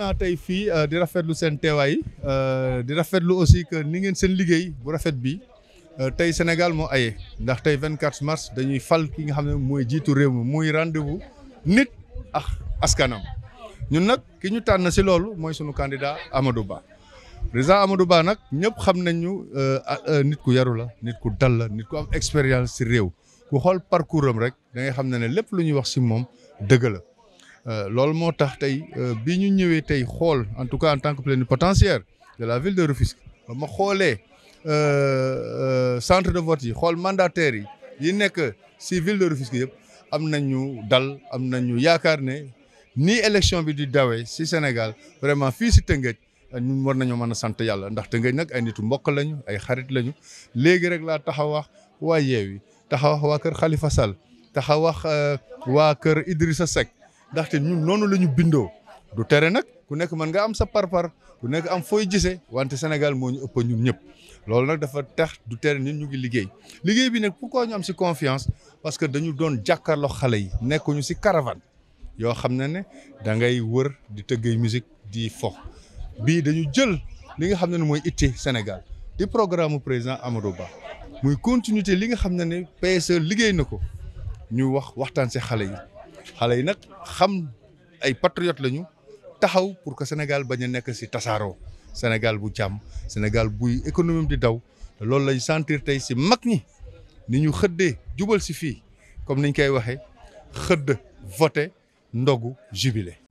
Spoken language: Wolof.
naa tey fii di rafetlu seen teewaay di rafetlu aussi que ni ngeen seen bu rafet bi tey Senegal moo aye ndax tey 24 mars dañuy fal ki nga xam ne mooy jiitu réew mi rendez-vous nit ak askanam ñun nak ki ñu tànn si lolu mooy sunu candidat Amadou Ba président Amadou Ba nak, ñëpp xam nañu nit ku yaru la nit ku dal la nit ku am expérience si réew ku xool parcours am rek da ngay xam ne ne lépp wax Euh, lol moo tax tey euh, bi tay ñëwee en tout cas en tant que plénipotentiaire de la ville de Rufisque ma euh, euh centre de vote yi xol mandataire yi nekk si ville de Rufisque yëpp am nañu dal am nañu yaakar né ni élection bi di dawé si Sénégal vraiment fi ci teungëj ñun war nañu mëna sante Yalla ndax teungëj nak ay nitu mbokk lañu ay xarit lañu légui rek la taxaw wax wa Yewwi taxaw wax kër Khalifa Sall taxaw wax kër Idrissa Seck ndaxte ñun noonu la ñu bindoo du tere nag ku nekk mën nga am sa parpar ku nekk am fooy gisee wante Sénégal moo ñu ëpp ñun ñëpp loolu nag dafa tax du tere ñun ñu ngi liggéey liggéey bi nag pourquoi ñu am si confiance parce que dañu doon jàkkarloo xale yi nekkuñu si caravane yoo xam ne ne da ngay wër di tëggee musique di fo bii dañu jël li nga xam ne ni mooy itti Sénégal di programme président amado Ba muy continuité li nga xam ne ni PSE liggéey na ko ñu wax waxtaan si xale yi xale yi nag xam ay patriote lañu taxaw pour que Sénégal bañ a nekk si tasaaroo Sénégal bu jàmm Sénégal buy économie di daw te loolu lay sentir tey si mag ñi ni ñu xëddee jubal si fii comme niñ koy waxee xëdd voté ndogu jubile